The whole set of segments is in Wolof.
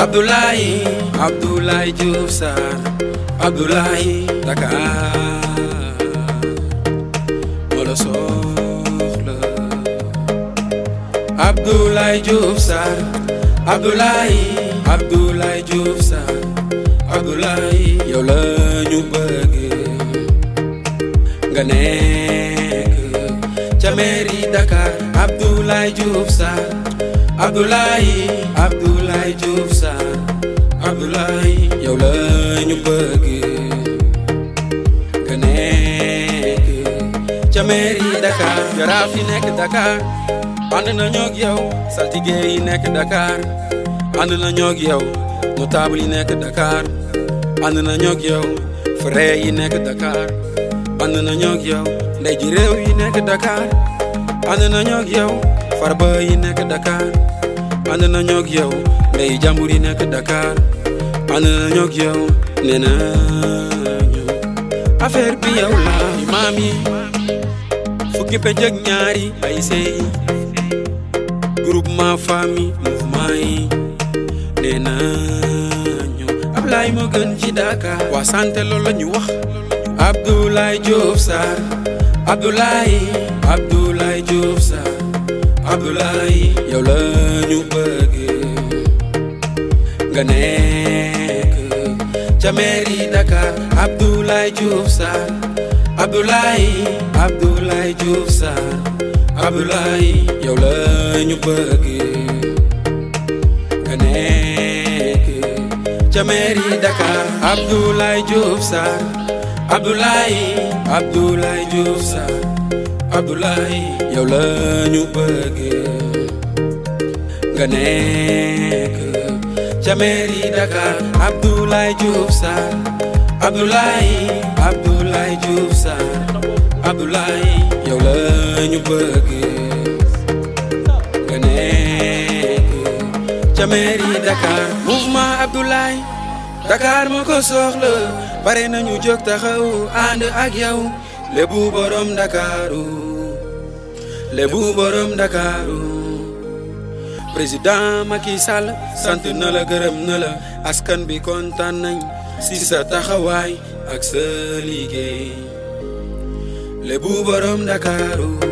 Abdoulaye Abdoulaye Diouf Sarr Abdoulaye Dakar wala soxla Abdoulaye Diouf Sarr ñu bëgg nga ca mairie Dakar Abdoulaye Diouf Abdoulaye Abdoulaye Diouf Sarr Abdoulaye yow la ñu bëgg nga nekk ca mairie Dakar jaraaf yi nekk Dakar ànd nañoo ak yow saltige yi nekk Dakar ànd na ak yow notable yi nekk Dakar ànd nañoo ak yow frère yi nekk Dakar ànd nañoo ak yow ndey ji réew yi nekk Dakar ànd nañoo ak yow. farba yi nekk Dakar ànd na ñoog yow ndey jàmbur yi nekk Dakar ànd na ñoog yow nee na ñu affaire bi yow maam yi fukki pej ak ñaari ay sey groupement famille mouvement yi nee na ñu Ablaye moo gën ci Dakar waa santé loolu la ñu wax Abdoulaye Diouf Sarr Abdoulaye Abdoulaye Diouf Sarr Abdoulaye yow la ñu bëgg nga nekk ca mairie Dakar Abdoulaye Diouf Sarr Abdoulaye Abdoulaye Diouf Sarr Abdoulaye bëgg nga nekk ca mairie Dakar Abdoulaye Diouf Sarr Abdoulaye Abdoulaye Abdoulaye yow la ñu nga nekk ca mairie Dakar Abdoulaye Diouf Sarr Abdoulaye Abdoulaye Diouf Sarr Abdoulaye yow nga nekk ca mairie Dakar mouvement Abdoulaye Dakar moo ko soxla bare nañu jóg taxaw ànd ak yow. lebu borom Dakaru lebu borom Dakaru président Macky Sall sant na la askan bi kontaan nañ si sa taxawaay ak sa liggéey lebu borom Dakaru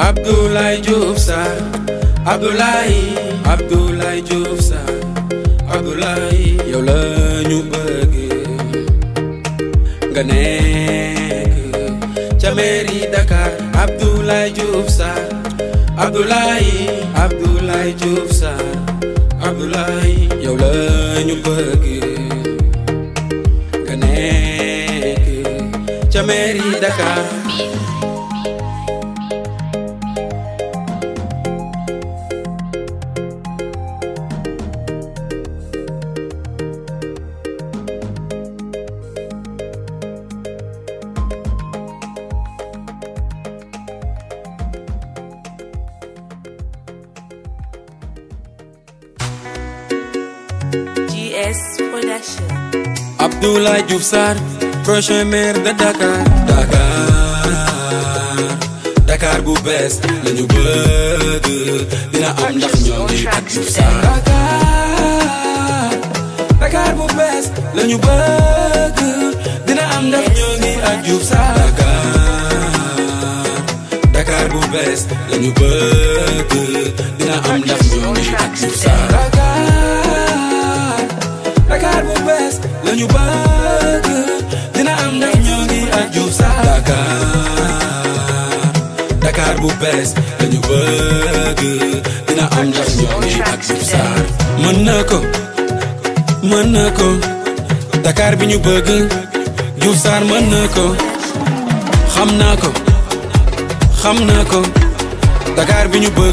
Abdoulaye Diouf Sarr Abdoulaye yow la ñu bëgg nga nekk ca mairie Dakar Abdoulaye Diouf Sarr Abdoulaye Abdoulaye Diouf Sarr Abdoulaye la ñu bëgg nga nekk ca mairie Dakar. Abdoulaye Diouf Sarr prochain maire de Dakar. bu bees la ñu bëgg dina am ndax ñoo ngi ak Diouf Sarr. Dakar bu bees la ñu bëgg dina am ndax ñoo ngi ak Diouf Sarr. la ñu bëgg lañu bëgg dina am ndax ñoo ak Diouf Dakar Dakar bu bees lañu bëgg dina am ndax ñoo ak Diouf Sarr na ko mën na ko Dakar bi ñu bëgg Diouf Sarr na ko xam naa ko xam naa ko Dakar bi ñu ko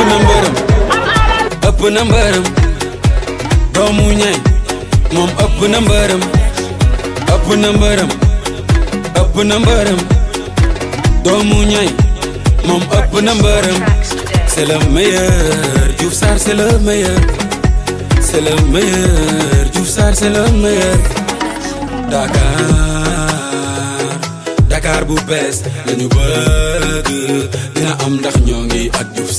na mbërëm ëpp na mbërëm doomu ñaay moom ëpp na ëpp na ëpp na doomu ñaay moom ëpp na mbërëm c'est le meilleur Diouf Dakar Dakar bu bees lañu bëgg dina am ndax ñoo ngi ak Diouf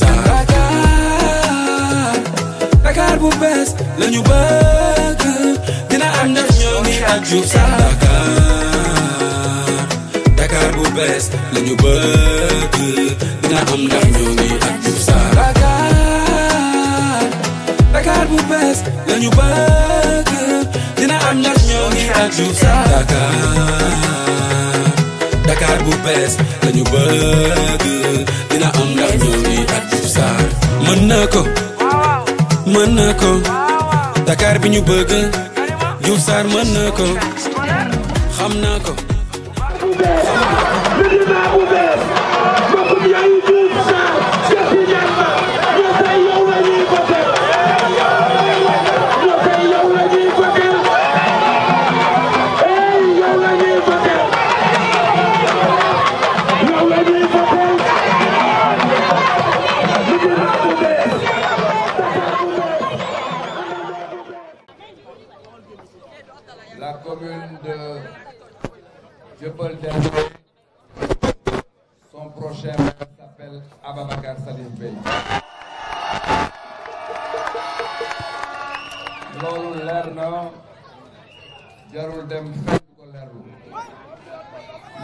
la ñu bëgg dina am ndax ñoo ngi Dakar Dakar bu bees la ñu dina am ndax ñoo ak Diouf Dakar Dakar bu bees la dina am ndax ñoo ak Diouf Dakar Dakar bu bees la dina am ndax ñoo ak Diouf Sarr mën na ko Dakar bi ñu bëgg Diouf Sarr mën na ko xam naa ko xam naa ko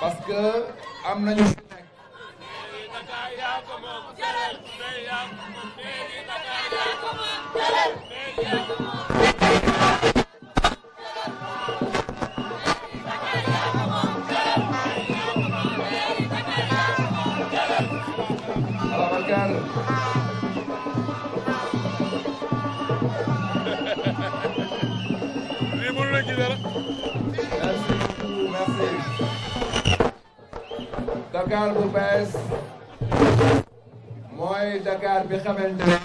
parce que am nañu fi nekk lii mënu la ci dara Dakar bu bees mooy Dakar bi xamante ne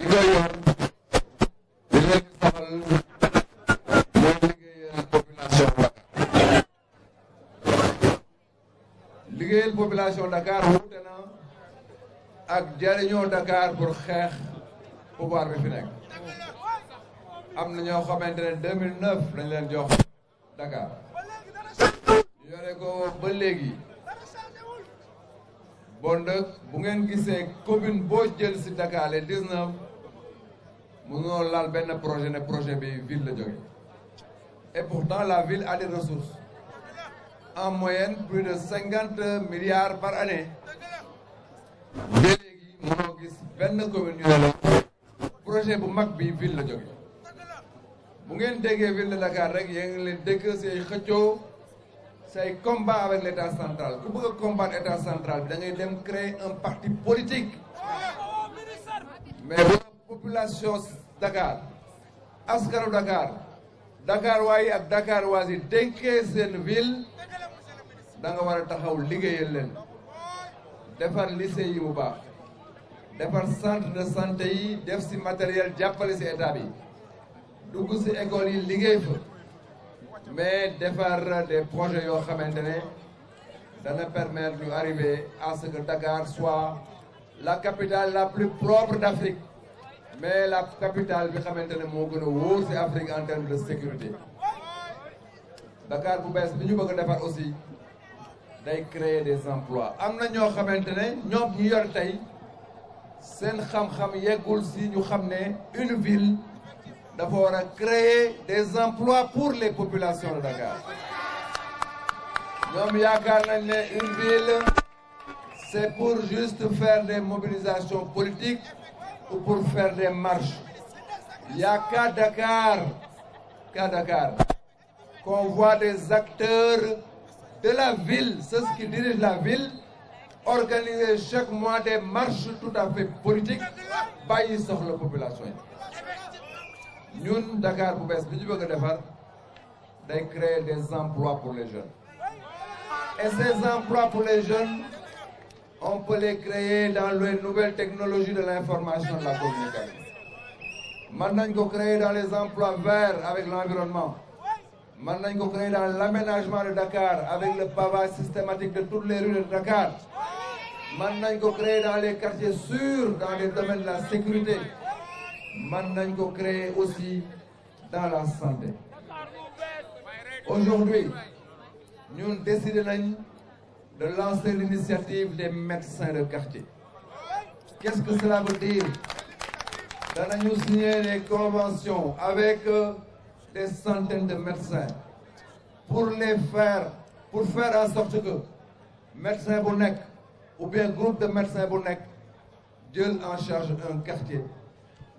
di na ak jariñoo Dakar pour xeex pouvoir bi fi nekk am na ñoo xamante ne 2009 lañ leen jox Dakar yore ko ba léegi bon dëkk bu ngeen gisee commune boo jël si dakaale les 19 mënoo laal benn projet ne projet bi ville la jóge et pourtant la ville a des ressources en moyenne plus milliards par année ba léegi mënoo gis benn commune ñu projet bu mag bi ville la jóge bu ngeen déggee ville de Dakar rek yéen ngi leen dégg see xëccoo say combat avec l' état central ku bëgg a combattre état central bi da dem créer un parti politique mais bu population Dakar askanu Dakar Dakar waayi ak Dakar waasi dénkee seen ville da war a taxaw liggéeyal leen defar lise yi bu baax defar centre de santé yi def si matériel jàppale si état bi dugg si école yi liggéey fa mais defar des projets yoo xamante ne dana permettre ñu arriver à ce que Dakar soit la capitale la plus propre d'Afrique mais la capitale bi xamante ne moo gën a wóor ci Afrique en termes de sécurité Dakar bu bees bi ñu bëgg a defar aussi day créer des emplois am na ñoo xamante ne ñoom ñu yor tey seen xam-xam yeggul ci ñu xam ne une ville dafa war a créer des emplois pour les populations de Dakar ñoom yaakaar nañ ne une ville c'est pour juste faire des mobilisations politiques ou pour faire des marches y a Dakar qu'à Dakar qu'on des acteurs de la ville ceux qui dirigent la ville organiser chaque mois des marches tout à fait politiques bàyyi soxla population yi ñun dakaar bu bees bi ñu bëgg a defar day créer des emplois pour les jeunes et ces emplois pour les jeunes on peut les créer dans les nouvelles technologies de l'information de la communication man nañ ko créer dans les emplois verts avec l'environnement mën nañu ko créer dans l'aménagement de Dakar avec le pavage systématique de toutes les rues de Dakar mën nañ ko créer dans les quartiers sûrs dans les domaines de la sécurité man nañ ko créer aussi dans la santé aujourd'hui ñun décidé nañ de lancer l'initiative des médecins de quartier qu'est-ce que cela veut dire danañu signer des conventions avec euh, des centaines de médecins pour les faire pour faire en sorte que médecin bu nekk ou bien groupe de médecins bu nekk jël en charge un quartier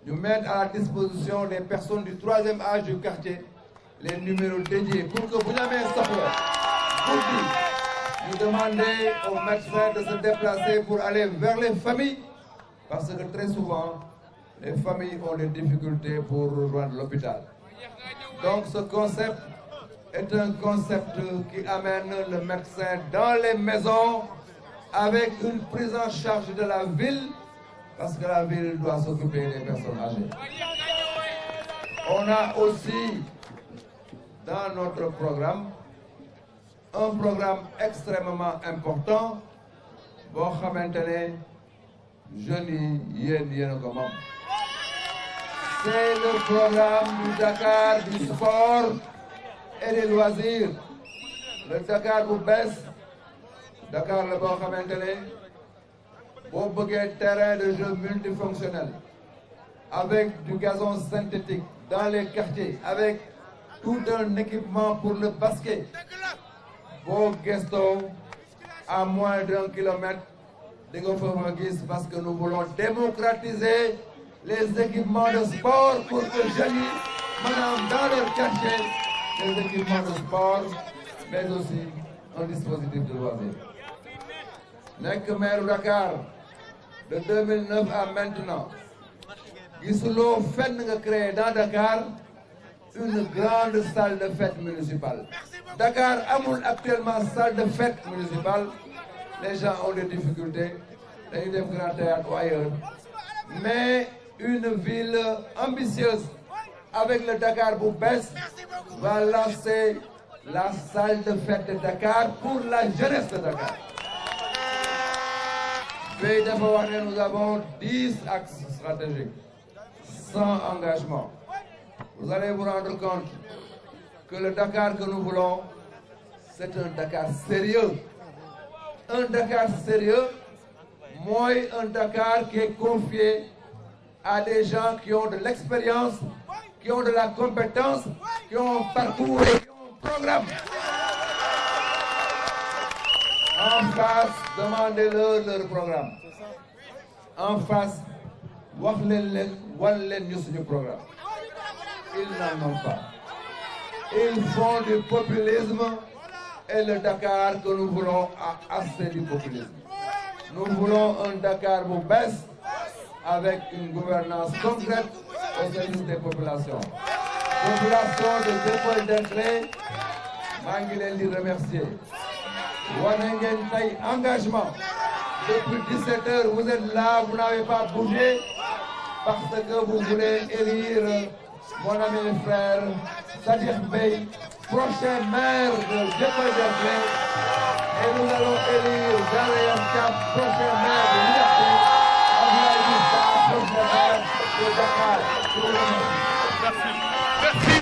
de mettre à la disposition des personnes du troisième âge du quartier les numéros dédiés pour que vous n'avez sapeur vous demandez aux médecins de se déplacer pour aller vers les familles parce que très souvent les familles ont des difficultés pour rejoindre l'hôpital donc ce concept est un concept qui amène le médecin dans les maisons avec une prise en charge de la ville parce que la ville doit s'occuper des personnes âgées. On a aussi dans notre programme un programme extrêmement important boo xamante ne jeunes yi yéen yéen a ko le programme Dakar du sport et des loisirs le Dakar bu Dakar la boo xamante ne. boo bëggee terrain de jeu multifonctionnel avec du gazon synthétique dans les quartiers avec tout un équipement pour le basket boo gëstoo à moins d'un kilomètre di nga gis parce que nous voulons démocratiser les équipements de sport pour que jeunes yi dans leur quartier les équipements de sport mais aussi un dispositif de loisir nekk maire Dakar de 2009 à maintenant gisuloo fenn nga créé dans Dakar une grande salle de fête municipale Dakar amul actuellement salle de fête municipale les gens ont des difficultés dañuy def grand théâtre ou ailleurs mais une ville ambitieuse avec le Dakar bu bees va lancer la salle de fête de Dakar pour la jeunesse de Dakar tey dafa wax ne nous avons dix axes stratégiques sans engagement vous allez vous rendre compte que le Dakar que nous voulons c'est un Dakar sérieux un Dakar sérieux mooy un Dakar qui est confié à des gens qui ont de l'expérience qui ont de la compétence qui ont parcours et qui ont programme en face demandez-leur leur programme en face wax leen leen wan leen ñu programme ils n'en ont pas ils du populisme et le Dakar que nous voulons assez du populisme nous un Dakar bu bees avec une gouvernance concrète au service des populations population de Dieuppeul-Derklé maa ngi leen remercier wane ngeen tey engagement depuis 17 heures vous êtes là vous n'avez pas bougé parce que vous voulez élire mon ami frère Bey prochain maire de Dieuppeul-Derklé et nous allons élire Zahra Iyane Thiam prochain maire de Liberté Abdoulaye Diouf